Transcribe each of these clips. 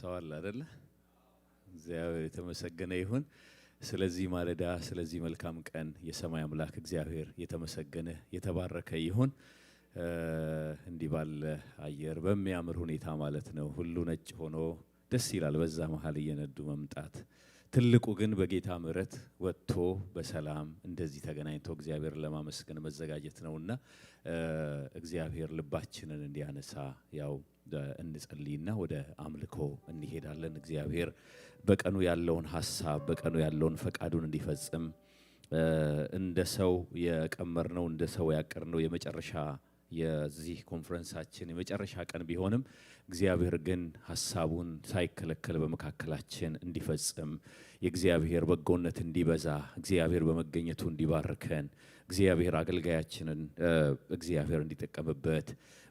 ሰው አለ አይደለ? እግዚአብሔር የተመሰገነ ይሁን። ስለዚህ ማለዳ፣ ስለዚህ መልካም ቀን የሰማይ አምላክ እግዚአብሔር የተመሰገነ የተባረከ ይሁን። እንዲህ ባለ አየር በሚያምር ሁኔታ ማለት ነው ሁሉ ነጭ ሆኖ ደስ ይላል። በዛ መሀል እየነዱ መምጣት ትልቁ ግን በጌታ ምሕረት ወጥቶ በሰላም እንደዚህ ተገናኝቶ እግዚአብሔር ለማመስገን መዘጋጀት ነውና እግዚአብሔር ልባችንን እንዲያነሳ ያው እንጸልይና ወደ አምልኮ እንሄዳለን። እግዚአብሔር በቀኑ ያለውን ሀሳብ በቀኑ ያለውን ፈቃዱን እንዲፈጽም እንደ ሰው የቀመርነው እንደ ሰው ያቀርነው የመጨረሻ የዚህ ኮንፈረንሳችን የመጨረሻ ቀን ቢሆንም እግዚአብሔር ግን ሀሳቡን ሳይከለከል በመካከላችን እንዲፈጽም የእግዚአብሔር በጎነት እንዲበዛ እግዚአብሔር በመገኘቱ እንዲባርከን እግዚአብሔር አገልጋያችንን እግዚአብሔር እንዲጠቀምበት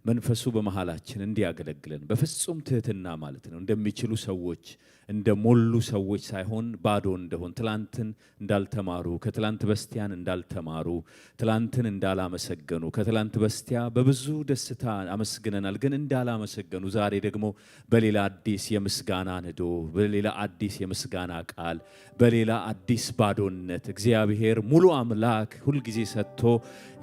መንፈሱ በመሃላችን እንዲያገለግለን በፍጹም ትህትና ማለት ነው። እንደሚችሉ ሰዎች እንደ ሞሉ ሰዎች ሳይሆን ባዶ እንደሆን ትላንትን እንዳልተማሩ ከትላንት በስቲያን እንዳልተማሩ ትላንትን እንዳላመሰገኑ ከትላንት በስቲያ በብዙ ደስታ አመስግነናል፣ ግን እንዳላመሰገኑ ዛሬ ደግሞ በሌላ አዲስ የምስጋና ንዶ፣ በሌላ አዲስ የምስጋና ቃል፣ በሌላ አዲስ ባዶነት እግዚአብሔር ሙሉ አምላክ ሁልጊዜ ሰጥቶ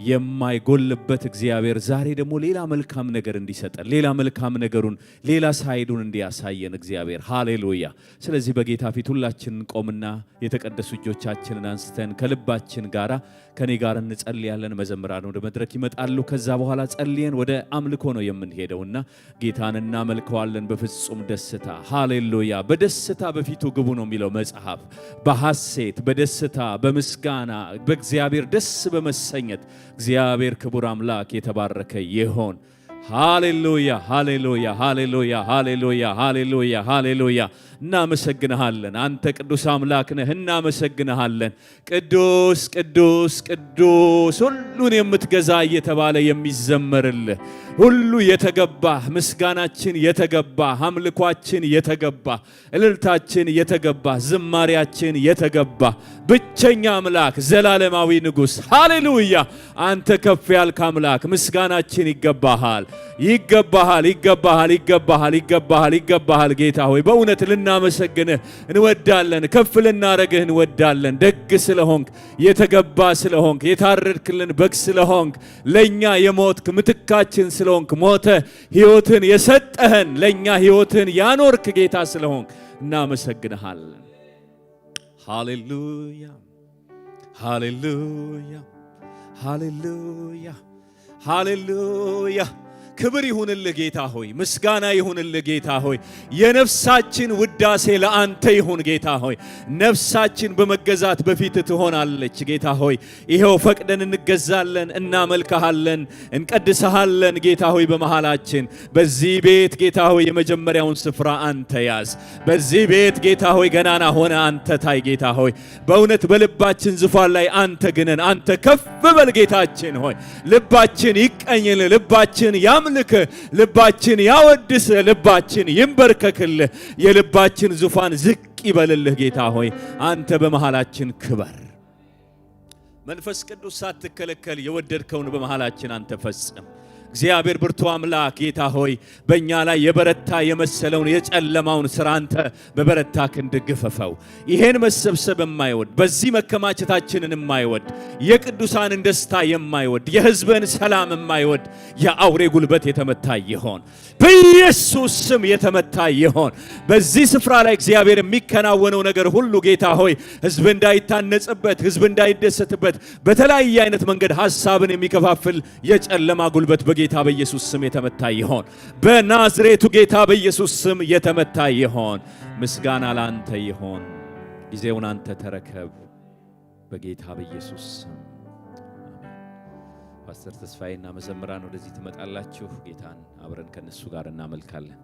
የማይጎልበት እግዚአብሔር ዛሬ ደግሞ ሌላ መልካም ነገር እንዲሰጠን፣ ሌላ መልካም ነገሩን፣ ሌላ ሳይዱን እንዲያሳየን እግዚአብሔር ሃሌሉያ። ስለዚህ በጌታ ፊት ሁላችንን ቆምና የተቀደሱ እጆቻችንን አንስተን ከልባችን ጋራ ከኔ ጋር እንጸልያለን። መዘምራን ወደ መድረክ ይመጣሉ። ከዛ በኋላ ጸልየን ወደ አምልኮ ነው የምንሄደውና ጌታንና እናመልከዋለን በፍጹም ደስታ። ሃሌሉያ! በደስታ በፊቱ ግቡ ነው የሚለው መጽሐፍ። በሐሴት በደስታ በምስጋና በእግዚአብሔር ደስ በመሰኘት እግዚአብሔር ክቡር አምላክ የተባረከ ይሆን። ሃሌሉያ! ሃሌሉያ! ሃሌሉያ! ሃሌሉያ! ሃሌሉያ! ሃሌሉያ! እናመሰግንሃለን። አንተ ቅዱስ አምላክ ነህ፣ እናመሰግንሃለን። ቅዱስ ቅዱስ ቅዱስ ሁሉን የምትገዛ እየተባለ የሚዘመርልህ ሁሉ የተገባህ፣ ምስጋናችን የተገባህ፣ አምልኳችን የተገባህ፣ እልልታችን የተገባህ፣ ዝማሪያችን የተገባህ ብቸኛ አምላክ ዘላለማዊ ንጉሥ ሃሌሉያ! አንተ ከፍ ያልክ አምላክ ምስጋናችን ይገባሃል፣ ይገባሃል፣ ይገባሃል፣ ይገባሃል፣ ይገባሃል፣ ይገባሃል ጌታ ሆይ በእውነት ልናመሰግንህ እንወዳለን። ከፍ ልናረግህ እንወዳለን። ደግ ስለሆንክ፣ የተገባ ስለሆንክ፣ የታረድክልን በግ ስለሆንክ፣ ለእኛ የሞትክ ምትካችን ስለሆንክ፣ ሞተ ሕይወትን የሰጠህን ለእኛ ሕይወትን ያኖርክ ጌታ ስለሆንክ እናመሰግንሃለን። ሃሌሉያ ሃሌሉያ ሃሌሉያ ሃሌሉያ ክብር ይሁንልህ ጌታ ሆይ፣ ምስጋና ይሁንልህ ጌታ ሆይ። የነፍሳችን ውዳሴ ለአንተ ይሁን ጌታ ሆይ። ነፍሳችን በመገዛት በፊት ትሆናለች ጌታ ሆይ። ይኸው ፈቅደን እንገዛለን፣ እናመልክሃለን፣ እንቀድሰሃለን ጌታ ሆይ። በመሃላችን በዚህ ቤት ጌታ ሆይ የመጀመሪያውን ስፍራ አንተ ያዝ። በዚህ ቤት ጌታ ሆይ ገናና ሆነ አንተ ታይ ጌታ ሆይ። በእውነት በልባችን ዙፋን ላይ አንተ ግነን፣ አንተ ከፍ በል ጌታችን ሆይ። ልባችን ይቀኝልን፣ ልባችን ያ እናምልክ። ልባችን ያወድስ፣ ልባችን ይንበርከክል። የልባችን ዙፋን ዝቅ ይበልልህ። ጌታ ሆይ አንተ በመሃላችን ክበር። መንፈስ ቅዱስ ሳትከለከል የወደድከውን በመሃላችን አንተ ፈጽም። እግዚአብሔር ብርቱ አምላክ ጌታ ሆይ በእኛ ላይ የበረታ የመሰለውን የጨለማውን ስራ አንተ በበረታ ክንድ ግፈፈው። ይሄን መሰብሰብ የማይወድ በዚህ መከማቸታችንን የማይወድ የቅዱሳንን ደስታ የማይወድ የሕዝብን ሰላም የማይወድ የአውሬ ጉልበት የተመታ ይሆን፣ በኢየሱስ ስም የተመታ ይሆን። በዚህ ስፍራ ላይ እግዚአብሔር የሚከናወነው ነገር ሁሉ ጌታ ሆይ ሕዝብ እንዳይታነጽበት፣ ሕዝብ እንዳይደሰትበት በተለያየ አይነት መንገድ ሀሳብን የሚከፋፍል የጨለማ ጉልበት በጌ በጌታ በኢየሱስ ስም የተመታ ይሆን። በናዝሬቱ ጌታ በኢየሱስ ስም የተመታ ይሆን። ምስጋና ላንተ ይሆን። ጊዜውን አንተ ተረከብ። በጌታ በኢየሱስ ስም ፓስተር ተስፋዬና መዘምራን ወደዚህ ትመጣላችሁ። ጌታን አብረን ከነሱ ጋር እናመልካለን።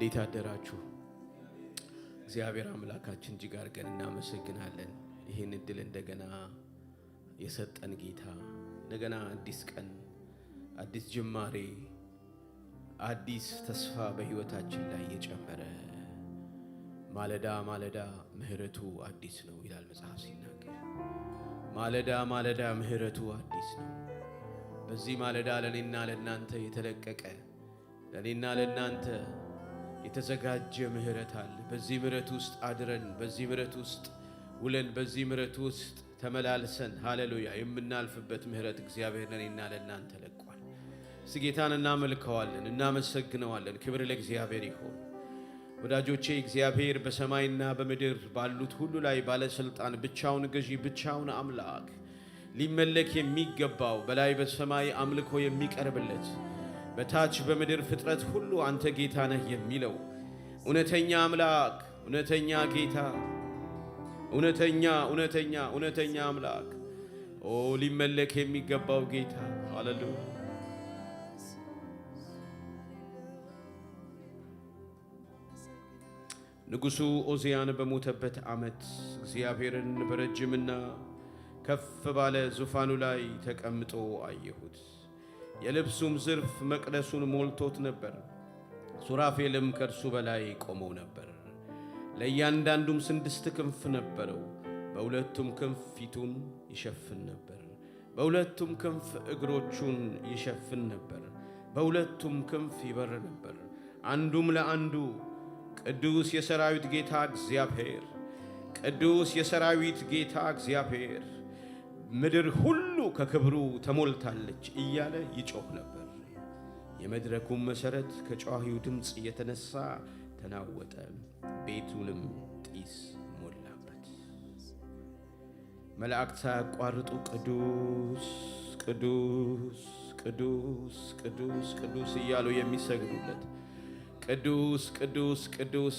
እንዴት አደራችሁ? እግዚአብሔር አምላካችን እጅግ አድርገን እናመሰግናለን። ይህን እድል እንደገና የሰጠን ጌታ እንደገና አዲስ ቀን፣ አዲስ ጅማሬ፣ አዲስ ተስፋ በህይወታችን ላይ የጨመረ ማለዳ ማለዳ ምህረቱ አዲስ ነው ይላል መጽሐፍ ሲናገር፣ ማለዳ ማለዳ ምህረቱ አዲስ ነው። በዚህ ማለዳ ለእኔና ለእናንተ የተለቀቀ ለእኔና ለእናንተ የተዘጋጀ ምሕረት አለ። በዚህ ምሕረት ውስጥ አድረን፣ በዚህ ምሕረት ውስጥ ውለን፣ በዚህ ምሕረት ውስጥ ተመላልሰን ሃሌሉያ የምናልፍበት ምሕረት እግዚአብሔር ለእኔና ለእናንተ ለቋል። እስቲ ጌታን እናመልከዋለን፣ እናመሰግነዋለን። ክብር ለእግዚአብሔር ይሆን። ወዳጆቼ እግዚአብሔር በሰማይና በምድር ባሉት ሁሉ ላይ ባለሥልጣን፣ ብቻውን ገዢ፣ ብቻውን አምላክ ሊመለክ የሚገባው በላይ በሰማይ አምልኮ የሚቀርብለት በታች በምድር ፍጥረት ሁሉ አንተ ጌታ ነህ የሚለው እውነተኛ አምላክ እውነተኛ ጌታ እውነተኛ እውነተኛ እውነተኛ አምላክ ኦ ሊመለክ የሚገባው ጌታ ሃሌሉያ ንጉሡ ኦዚያን በሞተበት ዓመት እግዚአብሔርን በረጅምና ከፍ ባለ ዙፋኑ ላይ ተቀምጦ አየሁት። የልብሱም ዝርፍ መቅደሱን ሞልቶት ነበር። ሱራፌልም ከእርሱ በላይ ቆመው ነበር። ለእያንዳንዱም ስድስት ክንፍ ነበረው። በሁለቱም ክንፍ ፊቱን ይሸፍን ነበር፣ በሁለቱም ክንፍ እግሮቹን ይሸፍን ነበር፣ በሁለቱም ክንፍ ይበር ነበር። አንዱም ለአንዱ ቅዱስ የሰራዊት ጌታ እግዚአብሔር፣ ቅዱስ የሰራዊት ጌታ እግዚአብሔር ምድር ሁሉ ከክብሩ ተሞልታለች እያለ ይጮህ ነበር። የመድረኩም መሠረት ከጨዋሂው ድምፅ የተነሳ ተናወጠ፣ ቤቱንም ጢስ ሞላበት። መላእክት ሳያቋርጡ ቅዱስ ቅዱስ ቅዱስ ቅዱስ ቅዱስ እያሉ የሚሰግዱለት ቅዱስ ቅዱስ ቅዱስ